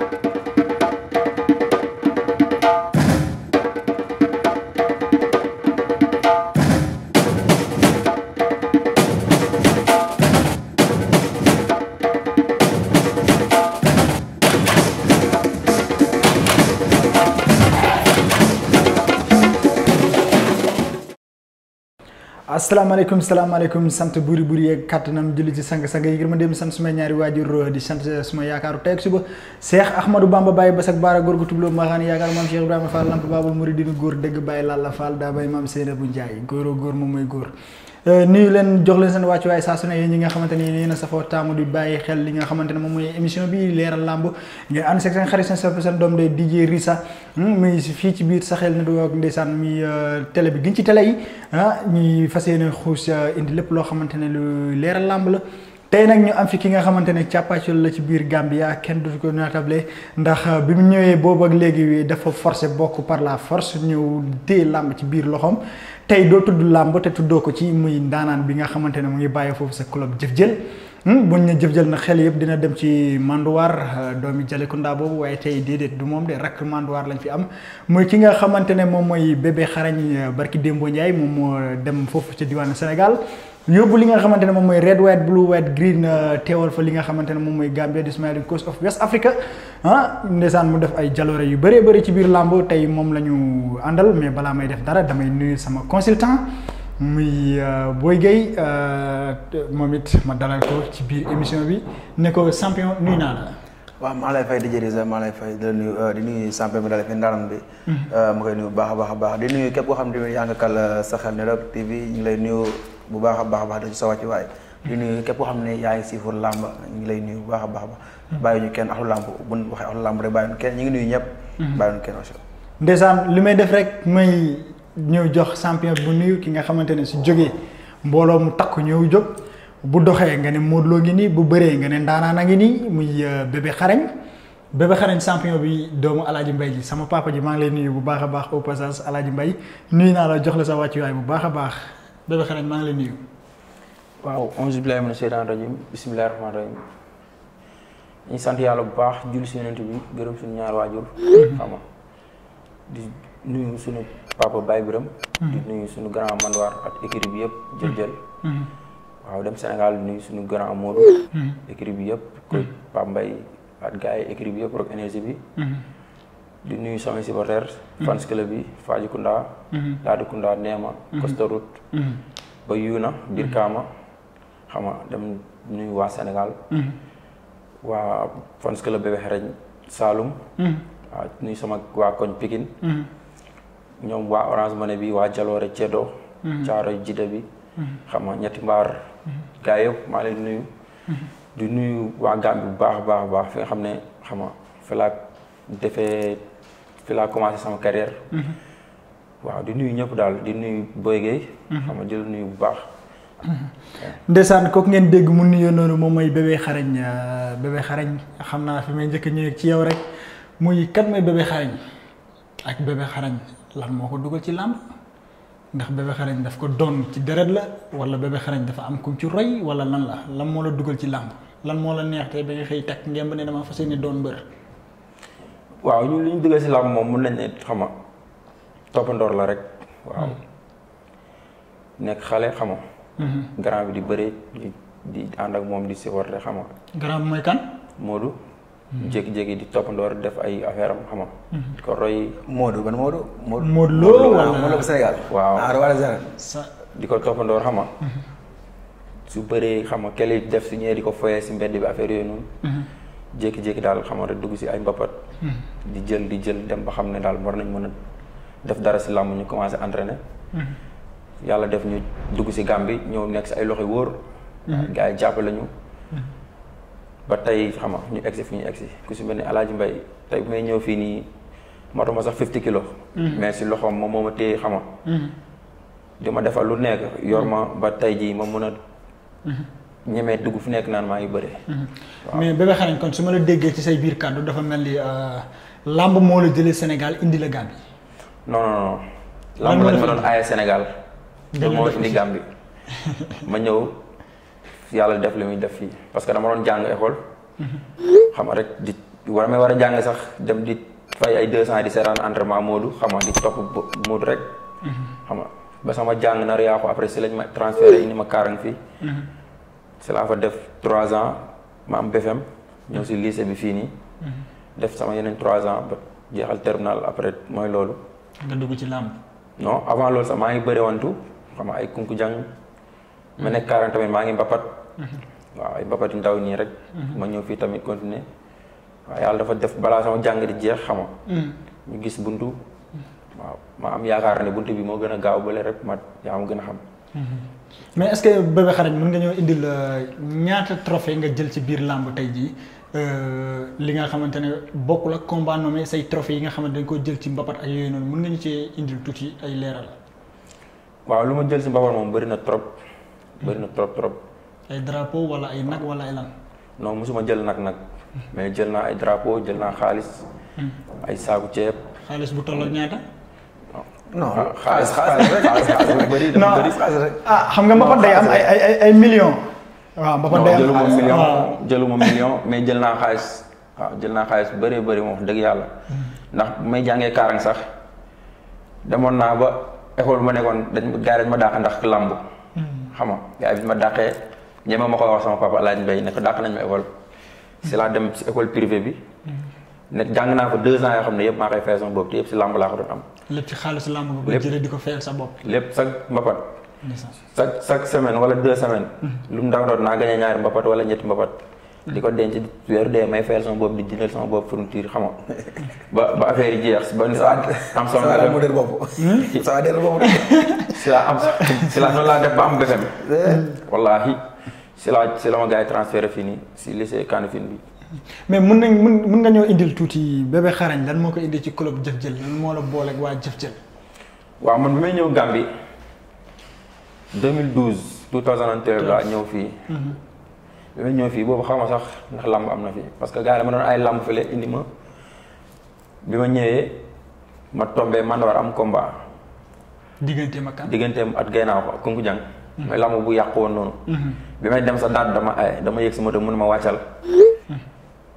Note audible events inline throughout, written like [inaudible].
Thank you. asalaamaaleykum salaamaaleykum sant buri buri yeeg kàttanam julli ci sang-sang yi gërëm dem sant sumay ñaari waajur di sant suma yaakaaru tey ak suba Cheikh Ahmadou Bamba ba Basak Baara góor gu tubloo maaxaan yaakaar maam Cheikh Ibrahima Fall lamp Baabul Muridina góor dëgg Baye Lalla Fall daa bay maam bu Ndiaye góoroo góor moom mooy góor Euh, nuyu leen jox leen seen wàccuwaay saa su ne yéen ñi nga xamante ni yéen a safoo taamu di bàyyi xel li nga xamante ne moom mooy émission bi leeral làmb ngeen ànd seen xarit seen sopp seen doom de DJ Rissa muy hmm, fii ci biir Sahel Network ndeysaan muy euh, télé bi gën ci télé ah ñuy fas yéene xuus euh, indi lépp loo xamante ne lu leeral làmb la tey nag ñu am fi ki nga xamante ne càppaacul la ci biir Gambia kenn du ko natable ndax bi mu ñëwee boobu ak léegi dafa forcé bokk par la force ñëw téye làmb ci biir loxoom tey doo tudd làmb te tuddoo ko ci muy ndaanaan bi nga xamante ne mu ngi bàyyi foofu sa club jëf jël hmm, buñ ne jëf jël na xel yëpp dina dem ci Manduwaar euh, doomi Jalekounda boobu waaye tey déedéet du moom de rakk Manduwaar lañ fi am muy ki nga xamante ne moom mooy bébé xarañ euh, barki démboo Ndiaye moom moo dem foofu ca diwaanu Sénégal yóbbu li nga xamante ne moom mooy red white blue white green euh, teewal fa li nga xamante ne moom mooy Gambia di smiling coast of West Africa ah ndeysaan mu def ay jaloore yu bëree bëri ci biir làmb tey moom la ñu àndal mais balaa may def dara damay nuyu sama consultant muy euh, Boy Gueye euh, moom it ma dalal ko ci biir émission bi ne ko champion nuyu naa la. waaw maa lay fay di jëriñ sax maa lay fay di nuyu di nuyu champion bi daal fi ndaanam bi mm-hmm. ma koy nuyu baax a baax a baax di nuyu képp koo xam ne yaa ngi kal sa xel ne rek TV ñu lay nuyu. bu baakha baakha baax baax da ci sa wàcc di nuyu kep ko xamne ne sifur lamb ngi lay nuyu bu baakha baax baax bàyyi ñu kenn lamb bu ñu waxe ahlu lamb rek bayu ñu kenn ñi ngi nuyu ñep mhm. bayu ñu kenn aussi ndeysaan limay def rek may ñew jox champion bu nuyu ki nga xamantene su jógee mbolo mu takku ñew jog bu doxé nga ne modlo ngi bu béré nga ne ndaanaan na ngi ni muy euh, bébé xarañ bébé xarañ champion bi doomu aladji mbay ji sama papa ji ma ngi lay nuyu bu baax baax au passage aladji mbay nuyu na la jox la sa way bu baax baax Bébé Xarañ maa ngi lay nuyu. waaw onze billahi mina seytaan rajim bismillahi rahmaani rahim ñu sant yàlla bu baax julli si yonent bi gërëm suñu ñaar waajur mm-hmm. xam di nuyu suñu papa Baye Birame di mm-hmm. nuyu suñu grand mandoir ak équipe bi yëpp jël jël mm-hmm. waaw dem Sénégal nuyu suñu grand Modou équipe bi yëpp ko Pape Mbaye ak gars yi bi yëpp rek énergie bi di nuyu samay supporters mm-hmm. fans club kunda, Fajikunda mm-hmm. kunda Neema mm-hmm. Costa Route ba Yuna Birkama kama xama dem nuyu wa senegal wa fans club bi Xereñ salum ah, nuyu sama wa koñ Pikine ñom wa Orange mané bi wa Jaloore Ceddo ciaro jide bi xama ñetti mbar gaa yëpp maa leen nuyu di nuyu wa Gambie bu baax baax baax fi xamne xama fi la defee fi la commencé sama carrière. Mhm. waaw di nuyu ñëpp daal di nuyu Boy gay xama mhm. jël nuyu bu baax. ndeysaan kooku ngeen dégg mu nuyu noonu moom mooy bébé xarañ euh, bébé xarañ xam naa fi may njëkk ñëw ci yow rek muy kat mooy bébé xarañ ak bébé xarañ lan moo ko dugal ci lamb ndax bébé xarañ daf ko doon ci deret la wala bébé xarañ dafa am kum ci roy wala lan la lan moo la dugal ci lamb lan moo la neex tey ba nga xëy takk ngemb ne dama fas yéene doon mbër. waaw ñu li ñu duggee si làmb moom mun nañ ne xama toppandoor la rek waaw hmm. nekk xale xama hmm. grand bi di bëre di ànd ak moom di supporté xama grand bi mooy kan Modou hmm. jékki-jékki di toppandoor def ay affaire am xama di ko roy Modou ban Modou Modou Lo wala Modou Lo bu Sénégal waaw ah, di ko toppandoor xama su bëree xama kele def si ñëwee di ko foyee si mbedd bi affaire yooyu noonu jékki-jékki daal xama rek dugg si ay mbapat Hmm. di jël di jël dem ba xam ne daal war nañ mën a def dara si làmb ñu commencé entraîner. Hmm. yàlla def ñu dugg si Gàmbi ñëw nekk si ay loxo wóor. Hmm. gars yi jàppale ñu. ba tey xam nga ñu egsi fi ñu egsi ku si mel ni Alaaji Mbay tey bu may ñëw fii nii matuma sax 50 kilos. mais si loxoom moom moo ma téye di ma defal lu nekk yor ma ba tey ji ma mën a. ñëmé dugg fu nek naan ma ngi bëré mhm. mais bébé xarañ kon suma la déggé ci say biir cadeau dafa melni euh lamb mo la jëlé Sénégal indi la gambi non non non. lamb la ma doon aaye Sénégal. de mo indi gambi ma ñëw yalla def limuy def fi parce que dama doon jang école. Mhm. xam rek di wara may wara jang sax dem di fay ay 200 di seetaan entraînement Modou xama di top Modou rek. Mhm. xama ba sama jang na yaa ko après ci lañ ma transféré indi ma Karang fii. ci fa def trois ans ma am BFM ñëw si liise bi fii nii. Mhm. def sama yeneen trois ans jeexal terminal après mooy loolu. nga dugg ci làmb. non avant loolu sax maa ngi bëri wantu xam nga ay kunku jàng. ma nekk Karang mhm. tamit maa ngi mbapat. Mhm. waaw ay mbapat yu ndaw nii rek. ma ñëw fii tamit continuer waaw yàlla dafa def balaa sama jàng di jeex xama ñu gis buntu. waaw ma am yaakaar ne buntu bi moo gën a gaaw bële rek ma yaa ma gën a xam. mais est ce que bébé xarit mën nga ñëw indil ñaata trophée nga jël ci biir lamb tey jii euh, li nga xamantene bokku la combat nommé say trophée yi nga xamantene dañ ko jël ci mbapat ak yoy non mën nga ñu ci indil tuuti ay léral waaw luma jël ci mbapat mom bari na trop hmm. bari na trop trop ay drapeau wala ay nak wala ay lan non musuma jël nak nak hmm. mais jël na ay drapeau jël na xaalis hmm. ay saaku ceeb xaalis bu toll ñaata non xaalis xaalis rek xaalis rek bëri dafa bëri xaalis rek. ah xam nga mbapat day am ay ay ay millions. waaw mbapat day am jëluma million jëluma million mais jël naa xaalis. waaw jël naa xaalis bu bëree bëri moom dëgg yàlla. ndax bu may jàngee kaarang sax demoon naa ba école bu ma nekkoon dañ gaa dañ ma dàq ndax làmb. xam nga gaa bi ma dàqee ñeme ma ko wax sama papa Alaaji Mbay ne ko dàq nañ ma école. si laa dem si école privée bi. ne jàng naa ko deux ans yoo xam ne yëpp maa koy fay sama bopp te yëpp si làmb laa ko doon am. lépp ci xaalisu làmb nga ko jëlee di ko fayal sa bopp. lépp chaque mbapat. chaque chaque semaine wala deux semaines. Hmm. lu mu ndaw doon naa gagné ñaari mbapat wala ñetti mbapat. Hmm. di ko denc weer dee may fayal sama bopp di jëndal sama bopp fourniture xam nga ba ba affaire yi jeex ba ni saa am sama nga dem modèle bopp hmm? saa dellu bopp si laa am si laa noonu laa def ba am BFM eh. wallaahi si laa si la ma gars yi transféré fii nii si lycée Kanifing bi mais mën nañ mën mën nga ñoo indil tuuti bébé xarañ lan moo ko indi ci club jëf jël lan moo la booleeg waa jëf jël. waaw man bi may ñëw Gambie 2012 2013 laa ñëw fii. Mhm. bi may ñëw fii boobu xaw ma sax ndax làmb am na fii parce que gars yi ma doon ay làmb fële indi ma bi ma ñëwee ma tombé man war am combat. digganteem ak kan digganteem ak gaynaaw ko ak kunku jàng. Mhm. làmb bu yàq woon noonu. Mhm. bi may dem sa daat dama ay eh, dama yëg si moto mu ne ma wàccal.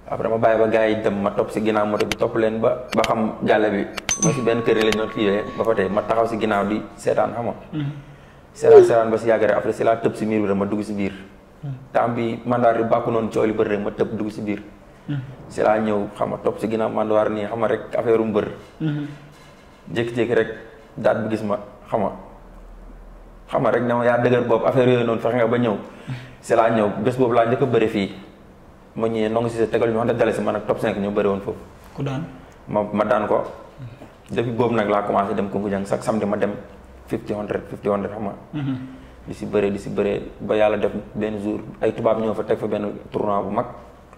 après ma baye ba gars yi dem ma top ci ginaaw moto bi top len ba ba xam gàlle bi ma ci ben keur lañu lañ ba fa tay ma taxaw ci ginaaw di seetaan xam nga hmm. seetaan seetaan ba ci yagare après c'est la top ci miir bi ma dugg ci bir tam bi mandar bi bakku non coow beur rek ma tëb dugg ci bir c'est la ñew xam nga top ci ginaaw mandar ni xam nga rek affaire um hmm. jek jek rek daat bi gis ma xam nga xam nga rek dama ya yaa bop boobu affaire yooyu nga ba ñew c'est hmm. la ñew bes bop la njëkk beure fi ma ñëwee nongu si sa tegal ñu xamante dalasi man ak top 5 ñu bëri woon foofu. ku ma ma daan ko. depuis boobu nag laa commencé dem Kungu jàng chaque samedi ma dem fifty hundred fifty hundred xam nga. Mhm. di si bëree di si bëree ba yàlla def benn jour ay tubaab ñoo fa teg fa benn tournoi bu mag.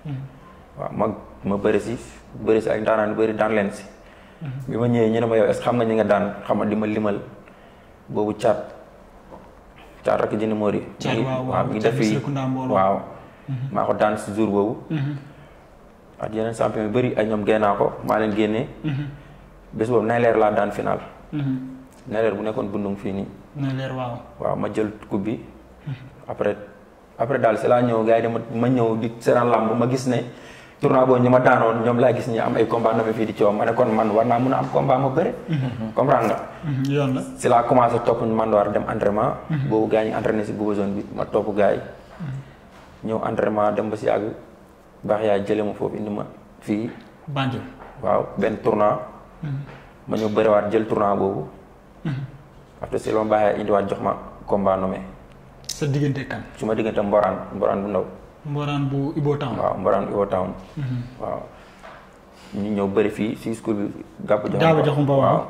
Mhm. waaw mag ma bëri si bëri si ay ndaanaan bëri daan leen si. Mhm. bi ma ñëwee ñu ne ma yow xam nga ñi nga daan xam nga di ma limal boobu caat caat rek jënd moori. caat waaw waaw caat bi waaw. ma ko daan si jour hmm ak yenen champion yu bëri ay ñoom génnaa ko ma leen hmm bés boobu Nayleer la daan final. hmm Nayleer bu nekkon bundung fii nii. Nayleer waaw. waaw ma jël coup bi. Mhm. après après dal c'est la ñëw gaay yi dama ma ñëw di seraan lamb ma gis né tournoi bo ñuma ma ñom la gis ñi am ay combat name fi di ciow ma ne kon man war naa mun am combat mo bëré comprendre nga. yoon la si laa commencé topp Mandoor dem entraînement. bo gaay yi ñu entraîné si boobu zone bi ma top gaay ñew entraînement dem ba ci ag bax ya jële ma foofu indi ma fi banjo waaw ben tournoi hmm ma ñu bëré waat jël tournoi bobu hmm après c'est loolu baax indi waat jox ma combat nommé. sa digënté kan. suma digënté mboran mboran bu ndaw. mboran bu Ibo Town. waaw mboran Ibo Town. hmm waaw ñu ñew bëré fi ci school bi. gàpp jox ma waaw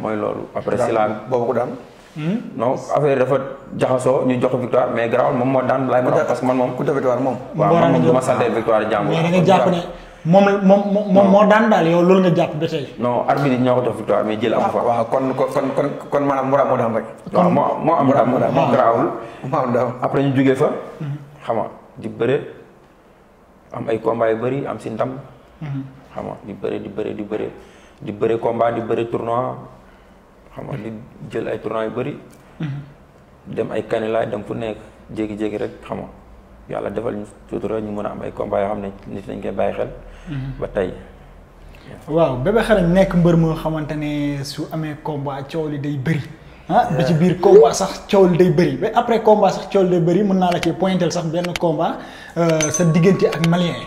moy lolu après c'est la bobu ko daan. Hmm? non affaire dafa jaxaso ñu jox victoire mais grawal mom mo daan lay borom parce que man mom ku victoire mom wa mom moom du ma sante victoire jàmbur mais nga japp ne mom mom moom moo daan dal yow loolu nga japp ba tey non arbitre ñoko jox victoire mais jël am fa wa kon kon kon kon manam mura mo daan rek mo mo am mura mo daan moo garaawul moo am daan après ñu jógee fa mhm. xama di bëre am ay combat yu bari am si ndam mhm. xam di bëre di bëre di bëre di bëre combat di bëre tournoi xam nga di mhm. jël ay tournoi yu bëri. Mhm. dem ay kanilaay dem fu nekk jékki-jékki rek xam nga yàlla defal ñu sutura ñu mën a am ay combat yoo xam ne nit nañ koy bàyyi xel. Mhm. ba tey. waaw Bébé Xaragne nekk mbër moo xamante ne su amee combat coow li day bëri. ah ba ci biir combat sax coow li day bëri ba après combat sax coow li day bëri mën naa la ci pointel sax benn combat euh, sa diggante ak malien.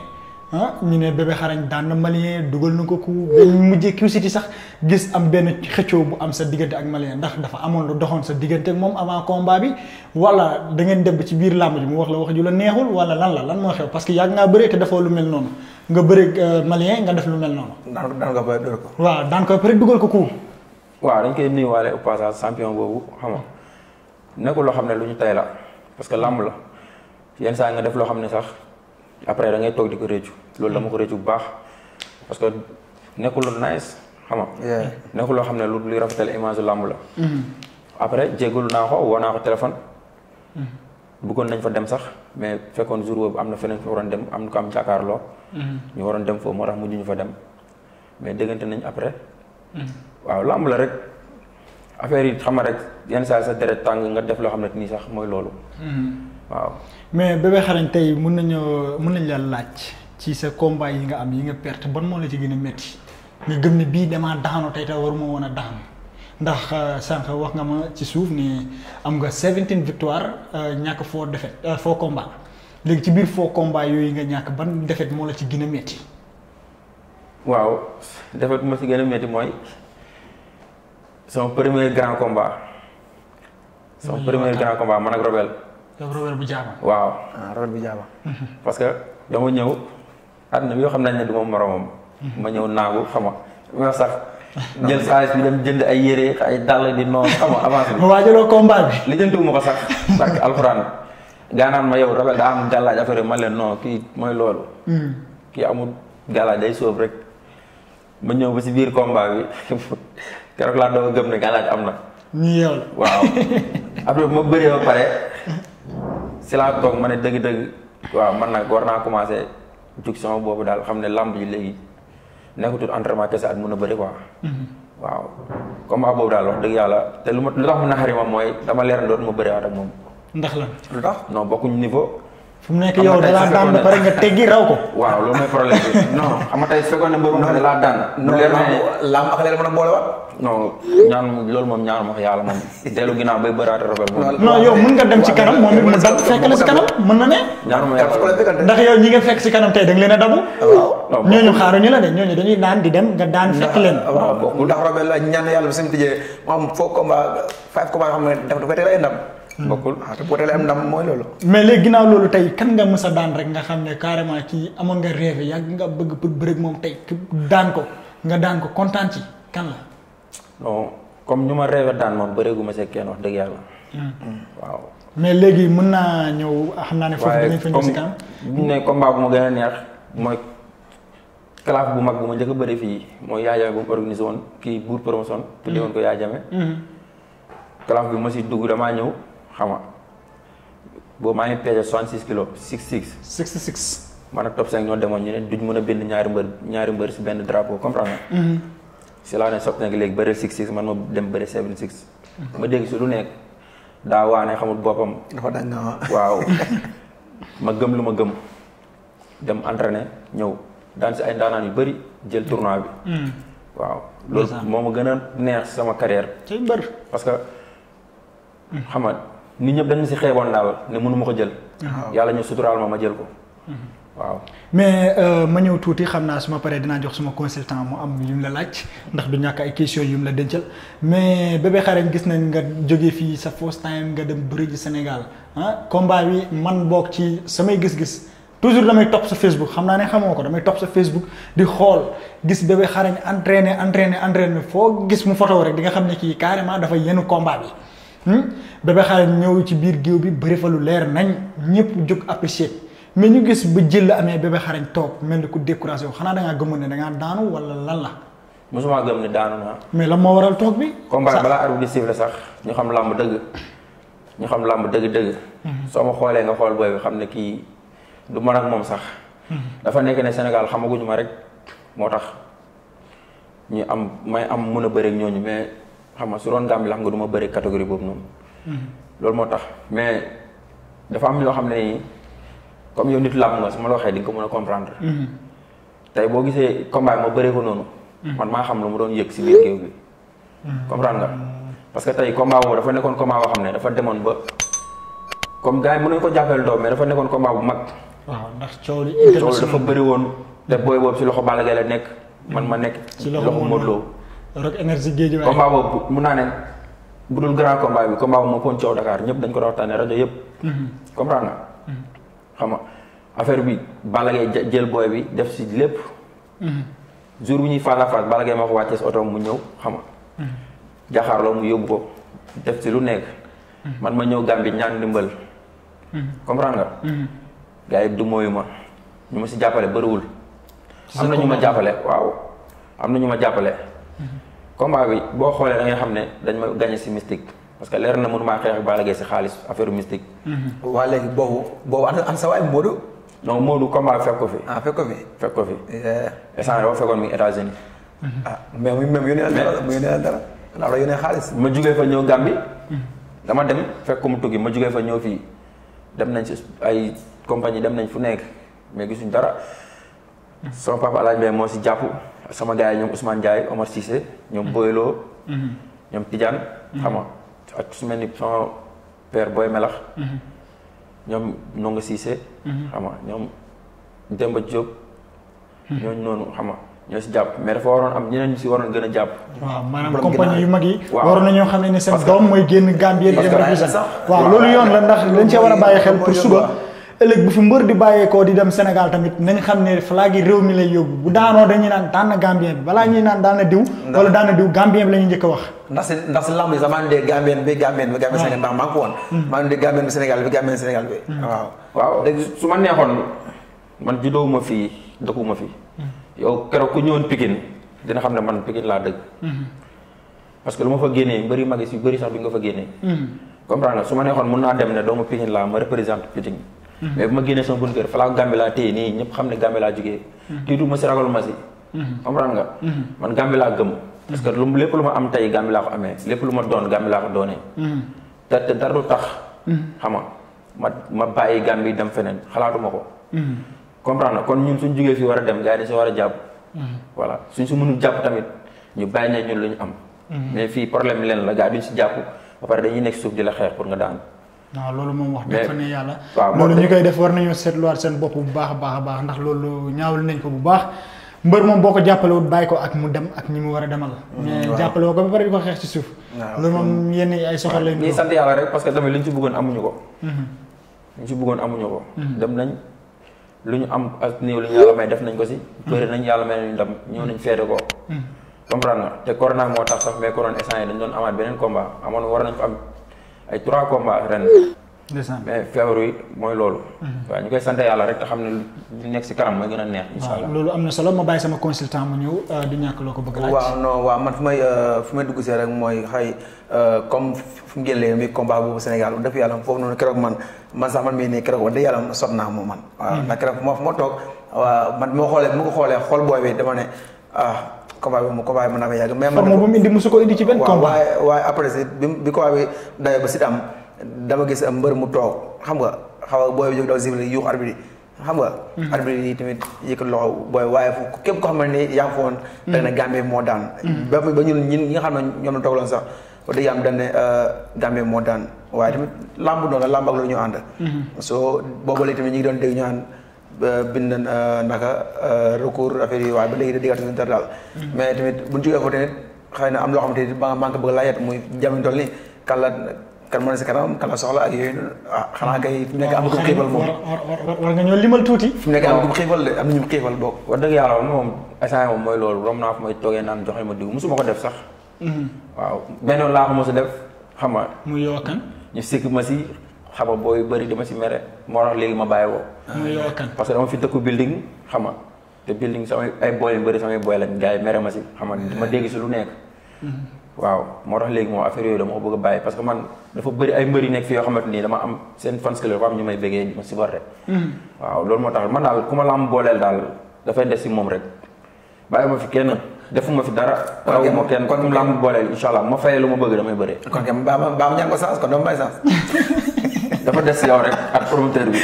ñu ne bébé xarañ daan na malien dugal na ko ku mujjee kiw siti sax gis am benn xëccoo bu am sa diggante ak malien ndax dafa amoon lu doxoon sa diggante ak moom avant combat bi wala da ngeen dem ci biir làmb ji mu wax la wax ju la neexul wala lan la lan moo xew parce que yàgg ngaa bëree te dafa lu mel noonu nga bëri euh, malien nga def lu mel noonu. daan daan nga bëri dugal ko. waaw daan ko pare dugal ko ku. waaw dañ koy nuyuwaale au passage champion boobu xam nga nekkul loo xam ne lu ñu tay la parce que làmb la yenn saa nga def loo xam ne sax après da ngay toog di ko réccu loolu dama ko réccu bu baax parce que nekkul lu nice xam nga nekkul loo xam ne lu luy rafetal image làmb la mm-hmm. après jégalu naa ko woo naa ko téléphone mm-hmm. bëggoon nañ fa dem sax mais fekkoon jour boobu am na feneen fi waroon dem am na ko am jàkkaarloo mm-hmm. ñu waroon dem foofu moo tax mujj ñu fa dem mais déggante nañ après waaw làmb la rek affaire yi xam nga rek yenn saa sa deret tàng nga def loo xam ne nii sax mooy loolu waaw mais Bébé Xarañ tey mën nañoo mën nañ la laaj ci sa combat yi nga am yi nga perte ban moo la ci gën a métti nga gëm ne bii damaa daanu tey te waruma woon a daanu ndax euh, sànq wax nga ma ci suuf ni am nga 17 victoire euh, ñàkk foo défaite euh, foo léegi ci biir foo combat yooyu nga ñàkk ban défaite moo la ci gën a métti. waaw défaite bu ma ci gën a métti mooy son premier grand combat. son premier grand combat man ak Robel. Robert Boudiama waaw ah Robert Boudiama [laughs] parce que dama ñëw na bi yoo xam nañ ne du ma moromam. [laughs] ma ñëw naagu xam nga sax. jël xaalis bi dem jënd ay yére ay dàll di noonu xam avance bi. [laughs] ma waajaloo combat bi. li jëntuwu ma ko sax. barke alxuraan gaanaan ma yow Robert daa am gàllaaj affaire yi man leen non kii mooy loolu. Hmm. kii amul gàllaaj day sóob rek. ma ñëw ba si biir combat bi keroog laa doon gëm ne gàllaaj am na. ñu yow la waaw après bu ma bëree ba pare. si laa toog ma ne dëgg-dëgg waaw man nag war naa commencé jug sama boobu daal xam ne làmb ji léegi nekkutul entraînement kese at mun a bëri quoi. Mm-hmm. waaw combat boobu daal wax dëgg yàlla te lu ma lu tax mu naxari ma mooy dama leer doon ma bëri waat ak moom. ndax la lu tax non bokkuñ niveau. fu mu nekk yow da laa daan ba pare nga teggi raw ko. waaw loolu mooy problème bi non xam nga tey su fekkoon ne mbër moom da laa daan. mu na ne lamb ak leer loolu moom ñaan ma yàlla yàlla moom dellu ginnaaw bay bëraate rafet moom. non yow mun nga dem ci kanam moom it mu dal fekk la si kanam mën na ne. ñaanuma yàlla ndax yow ñi nga fekk si kanam tey da leen a dabu. waaw ñooñu xaaru ñu la de ñooñu dañuy naan di dem nga daan fekk leen. waaw ndax rafet la ñaan yàlla bi suñu tijjee mu am five combat yoo xam ne dafa koy teel ay ndam Hmm. bokul ah te pour am ndam moy lolu mais legui ginnaaw lolu tay kan nga mësa daan rek nga xamné carrément ki amoon nga rêve ya nga bëgg pour bërek mom tay daan ko nga daan ko kontaan ci kan la. non comme ñuma rêve daan mom bëreegu ma see kenn wax dëgg yàlla. Hmm. Hmm, waaw. mais legui mën naa ñëw xamna né fofu foofu fa ñu ci kanam. bu ñu combat bu mu gëna neex moy classe bu mag bu ma jëk a fi moy yaaya bu organisé won ki bour promotion. tuddee woon ko yaa jame classe bi ma si dugg damaa ñëw. xam nga boobu maa ngi pesé 66 kilos 66. 66. man ak top 5 ñoo demoon ñu ne duñ mën a bind ñaari mbër ñaari mbër si benn drapeau comprendre nga. Mhm. si laa ne sopp nag léegi bëre 66 man ma dem bëre 76. ma dégg si lu nekk daa waane xamul boppam. dafa dañ na waaw. ma gëm lu ma gëm dem entraîné ñëw daan si ay ndaanaan yu bëri jël tournoi bi. Mhm. waaw loolu moo ma gën a neex sama carrière. ci mbër parce que nit ñëpp dañ si xeeboon daal ne mënu ma ko jël. yàlla ñu suturaal ma ma jël ko. Mhm. waaw mais euh, ma ñëw tuuti xam naa suma paree dinaa jox suma consultant mu am yu mu la laaj ndax du ñàkk ay question yu mu la dencal mais bébé xareñ gis nañ nga jóge fii sa first time nga dem bëri ji Sénégal ah combat bi man bokk ci samay gis-gis toujours damay topp sa Facebook xam naa ne xamoo ko damay topp sa Facebook di xool gis bébé xareñ entraîné entraîné entraîné foo gis mu photo rek di nga xam ne kii carrément dafa yenu combat Hmm? Bébé Xaram ñëw ci biir géew bi bëri fa lu leer nañ ñëpp jóg apprécier mais ñu gis ba jël amee Bébé Xaram toog mel ni ku découragé wu xanaa da ngaa gëmoon ne da ngaa daanu wala lan la. mosuma gëm ne daanu naa. mais la moo waral toog bi. combat balaa arbitre di siffler sax ñu xam làmb dëgg ñu xam làmb dëgg dëgg. Mhm. soo ma xoolee nga xool booy bi xam ne kii du man ak moom sax. Mhm. dafa nekk ne Sénégal xamaguñu ma rek moo tax ñu am may am mën a bëri ñooñu xam nga su doon la xam nga du ma bëri catégorie boobu noonu. Mm-hmm. loolu moo tax mais dafa am yoo xam ne nii comme yow nit làmb nga su ma la waxee di nga ko a comprendre. Mm-hmm. tey boo gisee combat ma bëree ko noonu. Mm-hmm. man maa xam lu mu doon yëg si biir géew bi. comprendre que tey combat dafa nekkoon combat boo xam ne dafa demoon ba comme gars yi mën ko jàppale doom mais dafa nekkoon combat bu mag. waaw ndax coow dafa bëri woon. te booy boobu si loxo Balla Gaye la nekk. man ma nekk. ci loxo Modou Rock Énergie géej waaye. combat boobu mun naa ne bu grand combat bi combat mo moo ci Dakar ñëpp dañ ko waxtaanee radio yëpp. comprendre nga. xam nga affaire bi balagé jël boy bi def ci lepp mhm. jour bi ñi fa la face balagé mako moo auto mu ñëw xam nga. Mhm. jaxar lo mu yóbbu ko def ci lu nekk. Mhm. man ma ñëw gambi ñaan dimbal comprendre nga. gaay du mooyu ma ñu ma si jàppale bëriwul. am na ñu ma jàppale waaw amna na ñu ma jàppale. combat boo xoolee da ngay xam ne dañ ma gagné si mystique parce que leer na mënu maa xeex ak Balla Gaye si xaalis affaire mystique. Mm-hmm. waa léegi boobu boobu ana am sa waay Modou. non Modou combat fekk ko fi. ah fekk fi. fekk ko fi. Mm-hmm. Ah, mais muy même yónnee dara mu yónnee xaalis. ma jugee fa ñëw Gambie. Mm-hmm. dama dem fekk ko mu ma jugee fa ñëw fii dem nañ si ay compagnie dem nañ fu nekk mais gisuñ dara. sama papa laaj Mbaye mau si jàpp sama gars yang usman Ousmane Omar Cissé yang hmm. Boylo hmm. yang Tidiane hmm. sama, nga ak su ni sama père Boy Melax yang Nonga Cissé sama, yang Demba job ñooñu noonu xam nga ñoo si jàpp mais dafa waroon am ñeneen ñu si orang gën a wah, waaw maanaam compagnie yu orang yang waaw waroon nañoo xam ne seen doom mooy génn Gambie. parce que waaw loolu yoon la ndax xel pour suba ëlëk bu fi mbeur di ko di dem Sénégal tamit nañ xamné ne flag yi réew mi lay yobbu bu daano dañuy naan tan Gambien bala ñuy naan daan na diw. wala daan na diw Gambien lañu jëk wax. ndax ndax lamb yi sax maa Gambien bi Gambien bi Gambien Sénégal ndax ko won maa ngi mm. Gambien bi Sénégal bi Gambien Sénégal bi. Mm. waaw waaw léegi su ma neexoon man dooma fi dëkkuma fi mm. yow kéro ku ñëwon pikin dina xamné beri man pikin. la dëgg mm-hmm. parce que luma fa génnee bari magi ci bari sax bi nga fa comprendre su mën na dem né dooma pikin la ma représente pikin mais bu génné sama bunt fala falaa la Gambie ni ñep xamné ñëpp la ne té du ma si ragal ma si comprendre nga man Gambie la gëm parce que lu lepp lu ma am tay Gambie la ko amé lepp lu ma doon Gambie la ko doné da té dara du tax xama mhm. ma ma bayyi Gambie dem fenen xalaatuma ko comprendre kon ñun suñu jógee fi war dem gaay dañ si war a voilà suñu su mënu japp tamit ñu bàyyi ñun lu am mais fi problème leen la gaay duñ si jàpp ba paré dañuy nek suuf di la xeex pour nga daan waaw loolu moom wax dëgg fa ne yàlla loolu ñu koy def war nañoo seetluwaat seen bopp bu baax a baax a baax ndax loolu ñaawal nañ ko bu baax mbër moom boo ko jàppalewut bàyyi ko ak mu dem ak ñi mu war a demal mm, mais jàppale woo ko ba ñu am ak néew lu ñu yàlla may def nañ ko si mm-hmm. bëri nañ yàlla may nañu ndam ñëw nañ feete ko mm-hmm. comprendre na te corona moo tax sax mais corona instant dañ doon amaat beneen combat amoon war nañ ko am ay trois combats ren. mais feebar yi mooy loolu. Mhm. waaw ñu koy sant yàlla rek te xam ne lu nekk si kanam mooy gën a neex. incha allah loolu am na solo ma bàyyi sama consultant mu ñëw euh, du ñàkk loo ko bëgg a laaj. waaw euh, rek mooy xëy euh, comme fu mu jëlee mi combat boobu Sénégal yàlla foofu noonu keroog man man sax man mii nii keroog wax dëgg yàlla sot naa moom man. waaw ndax keroog fu ma fu ma toog waaw man moo xoolee bi ko xoolee xool booy bi dama ne ah. combat bi moom combat bi mën naa ko yàgg. mais man moom bu mu indi indi ci benn. combat bi bi ba si am dama gis mbër mu toog xam nga xaw a booy bi jóg daw zibil yuux arbitre xam nga. Hmm. arbitre yi tamit yëkkati loxo booy waaye fu képp koo xam ne nii yaa ngi foon. Hmm. da na Gambie moo daan. Hmm. ba ba ñun ñi nga xam ne ñoom la toogaloon sax wax dëgg yàlla dañ ne euh, Gambie moo daan waaye tamit làmb doon la làmb ak loolu ñu ànd. soo boobu léegi tamit ñu ngi ñu ànd. bind na euh, naka euh, recours affaire yi waaye ba léegi da diggante dara daal mm-hmm. mais tamit buñ jógee foofu tamit xëy na am loo xam ni ba manque bëgg laajat muy jamono toll ni kan la kan mën a kan la soxla ak yooyu ah, xanaa kay mu nekk amagum xiifal moom war nga ñoo limal tuuti fi mu nekk amagum am na ñu xiifal boog wax dëgg yàlla moom instant moom mooy loolu rom naa fu may toogee naan joxe ma diw mosuma ko def sax mm-hmm. waaw benn laa ko mos def xam nga mu yoo kan ñu sikk ma si xam nga booy bëri dama si mere moo tax léegi ma bàyyi woo ah, parce que dama fi dëkku building xam nga te building samay ay booy yu bëri samay booy lañ gars yi mere ma si xam nga ma dégg si lu nekk mm-hmm. waaw a nii dama am seen fans club am ñu may bëggee ma supporté mm-hmm. waaw loolu moo tax man daal ku ma la am booleel daal dafay des si moom rek bàyyi ma fi kenn defuma fi dara raw ma kenn ku ma la booleel incha allah ma fayee lu ma bëgg damay bëree kon kay baam baam ñaan ko sens kon dama bàyyi sens [laughs] dafa des yow rek ak promoteur bi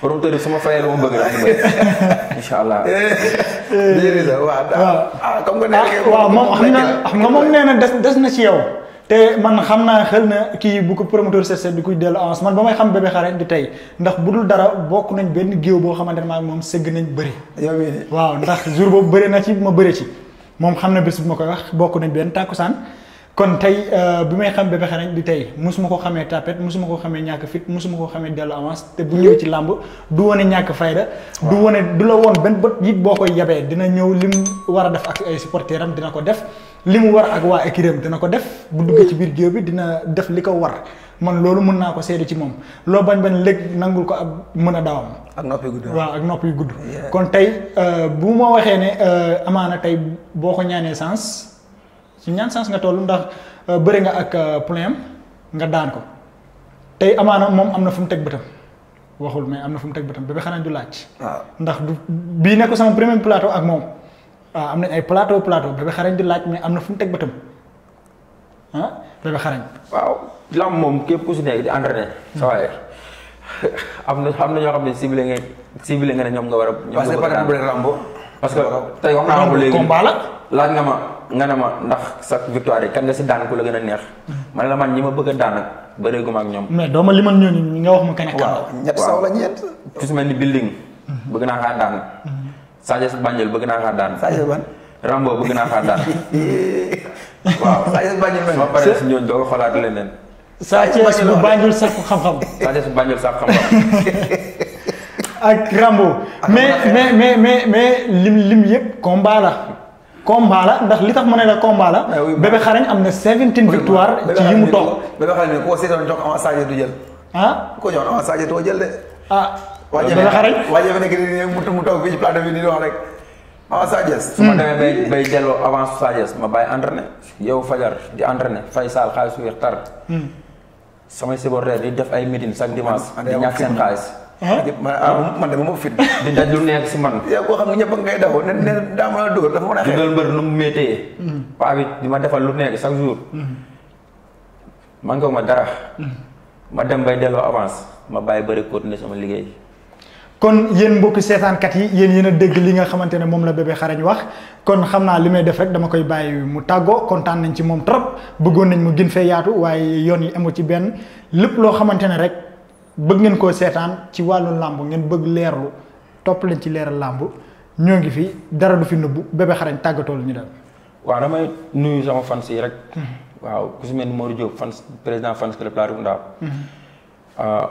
promoteur bi su ma fayee lu ma bëgg rek bëgg incha allah. dégg nga waaw ah, ah, ah, waaw moom xam nga moom nee na des des na ci yow. te man xam naa xël na kii bu ko promoteur seet di koy dellu avance man ba may xam bébé xare di tey ndax bu dul dara bokk nañ benn géew boo xamante ne maa moom sëgg nañ bëri. waaw ndax jour boobu bëri na ci ma bëri ci moom xam na bés bu ma koy wax bokk nañ benn tàkkusaan kon tay euh, bu may xam bébé xarañ di tay musuma ko xamé tapet musuma ko xamé ñàkk fit musuma ko xamé delu avance té bu ñëw ci lamb du woné ñàkk fayda du woné du la won ben bot yit bokoy yabé dina ñëw lim wara def ak ay supporteram dina ko def li war ak wa ekirem dina ko def bu dugg ci bir géew bi dina def liko war man lolu mën naa ko seede ci mom lo bañ bañ léeg nangul ko ab mën daawam ak nopi gudd wa ak nopi gudd kon tay euh, bu ma waxé né euh, amana tay boko ko sens si ñaan sans nga tollu ndax eh, bëre nga ak eh, problème nga daan ko tay amana mom amna fu mu tek bëtam waxul mais amna fu mu tek bëtam bébé xana ñu laacc ah. ndax bi bii nekk sama premier plateau ak mom amna ah, ay plateau plateau bébé xarañ di laacc mais amna fu mu tek bëtam ah bébé xarañ waaw lam mom képp ku si nekk di entraîné sa way amna amna am na ñoo xam ne ciblé nga ciblé nga ñom nga wara ñom ñoom nga war a parce que tay wax na ko légui combat la laaj nga ma nga ne ma ndax sa victoire kan nga ci dan ko la gëna neex man la man ñima bëgg dan ak bëre bëreeguma ak ñom mais doo ma limal ñoo ñi nga wax ma kan kan saw la ñet ci si ni building mhm. bëgg naa kaa daan mhm. Sadio Banjel bëgg na kaa dan Sadio Ban Rambo bëgg na dan [laughs] waaw lim lim combat la ndax li tax mané la combat la ah bébé xarañ amna 17 victoires ci yimu tok bébé xarañ ko seetoon jox avant Sadio du jël ah ko jox avant Sadio do jël dé ah waje bébé xarañ waje fa nek mu mu tok fi ci plateau bi di wax rek avant Sadio su ma hmm. demee bay bay delloo avant Sadio ma bay entraîné yow fajar di entraîné khalis saal xaalis hmm sama samay supporter di def ay meeting chaque dimanche ah, di ñak sen khalis Ah? Ah, man de ma fit. di daj lu nekk si man. yow koo xam nga ñëpp ngay daw ne a dafa a xeex. du mm-hmm. ma defal lu nekk chaque jour. Mm-hmm. man ma dara. Mm-hmm. ma dem bay delloo avance ma bàyyi bëri continuer sama liggéey. kon yéen mbokki seetaankat yi yéen yéen a dégg li nga xamante ne moom la bébé xarañ wax kon xam naa li may def rek dama koy bàyyi mu tàggoo kontaan nañ ci moom trop bëggoon nañ mu gën fee yaatu waaye yoon yi amul ci benn lépp loo xamante ne rek. bëgg ngeen koo seetaan ci wàllu làmb ngeen bëgg leerlu topp leen ci leeral làmb ñoo ngi fi dara du fi nëbbu bébé xarañ tàggatoo la ñu daal. waaw damay nuyu sama fans yi rek. Mhm. waaw ku si mel ni Modou Diop fans président fans club La Rumba. Mhm. Ah,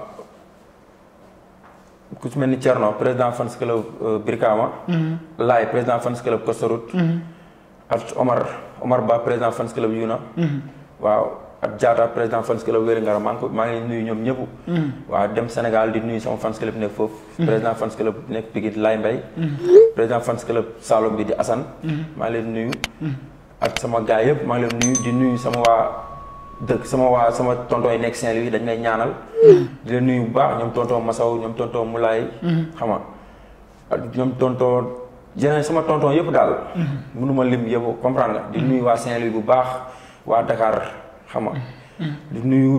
ku si mel ni Thierno président fans club euh, Brikama. Mhm. Laye président fans club Costa Route. ak Omar Omar Ba président fans club Yuna. waaw. ab jaata président fans club wéré ngaram maa ko maa ngi nuyu ñoom ñëpp hmm. wa dem Sénégal di nuyu sama fans club nek foofu hmm. président fans club nek pigit lay mbay hmm. président fans club salom bi di Assane ma ngi leen nuyu ak sama gaay yëpp ma ngi leen nuyu di nuyu sama wa deuk sama wa sama tonto yi nek Saint-Louis dañ lay ñaanal di leen nuyu bu baax ñoom tonto Massaw ñoom tonto Moulay xama ak ñom tonto jëna sama tonto yëpp dal mënuma lim yëpp comprendre nga di nuyu wa Saint-Louis bu baax wa Dakar xam nga mm-hmm. di nuyu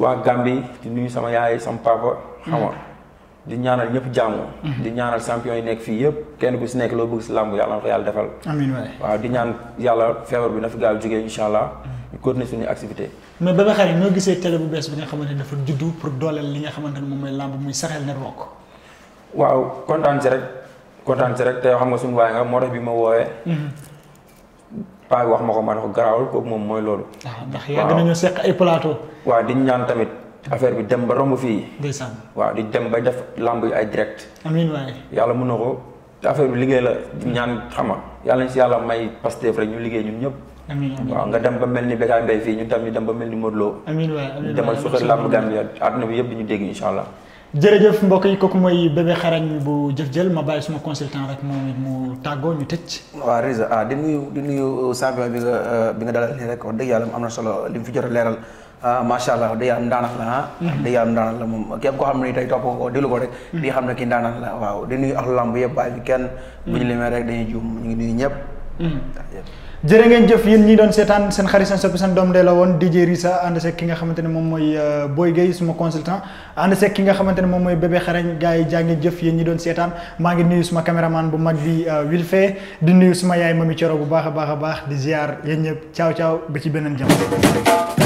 waa Gambie di nuyu sama yaay sama papa xam mm-hmm. di ñaanal ñëpp jàmm. Mm-hmm. di ñaanal champion yi nekk fii yëpp kenn ku si nekk loo bëgg si làmb yàlla na ko yàlla defal. amiin waay waaw di ñaan yàlla feebar bi na fi gaaw jógee incha allah. ñu continuer suñu activité. mais Bébé Khary noo gisee télé bu bees bi nga xamante ni dafa juddu pour dooleel li nga xamante ne moom mooy làmb muy Sakhel Network. waaw kontaan si rek kontaan si rek te yoo xam nga suñu waay moo bi ma woowee. paa wax ma ko ma ne ko garaawul kooku moom mooy loolu. waaw ah, ndax yàgg nañu seq ay plateau. waaw di ñaan tamit affaire bi dem ba romb fii. ndeysaan waaw di dem ba def lamb yi ay direct. amiin waay yàlla mën na ko affaire bi liggéey la ñaan xama yàlla ñu si yàlla may Pastef rek ñu liggéey ñun ñëpp. amiin amiin waaw nga dem ba mel ni Bécaye Mbaye fii ñu tam ñu dem ba mel ni Modou Lo. amiin waay amiin waay demal suqal làmb bi yëpp di ñu dégg incha allah. jërëjëf mbokk yi kooku mooy bébé xarañ bu jëf jël ma bàyyi suma consultant rek moom mu tàggoo ñu tëj. waaw Risa ah di nuyu di nuyu euh, champion bi nga euh, bi nga dalal nii rek wax dëgg yàlla am na solo li mu fi jot a leeral. Ah, macha allah wax dëgg yàlla ndaanak la ah mhm. dëgg yàlla ndaanak la moom képp koo xam ne tey topp ko déglu ko rek mhm. di xam ne kii ndaanak la waaw di nuyu ak lamb yëpp bàyyi bi kenn mhm. bu ñu limee rek dañuy juum ñu ngi nuyu ñëpp jërë ngeen jëf yéen ñi doon seetaan seen xarit seen soppi seen doom de la woon di Rissa ànd sa ki nga xamante ne moom mooy euh, Boy Gueye suma consultant ànd seeg ki nga xamante ne moom mooy bébé xarañ gars yi jàngi jëf yéen ñu doon seetaan maa ngi nuyu suma caméraman bu mag bi euh, Wilfé di nuyu suma yaay Mami Coro bu baax a baax a baax di ziar yéen ñëpp caaw caaw ba ci beneen jamono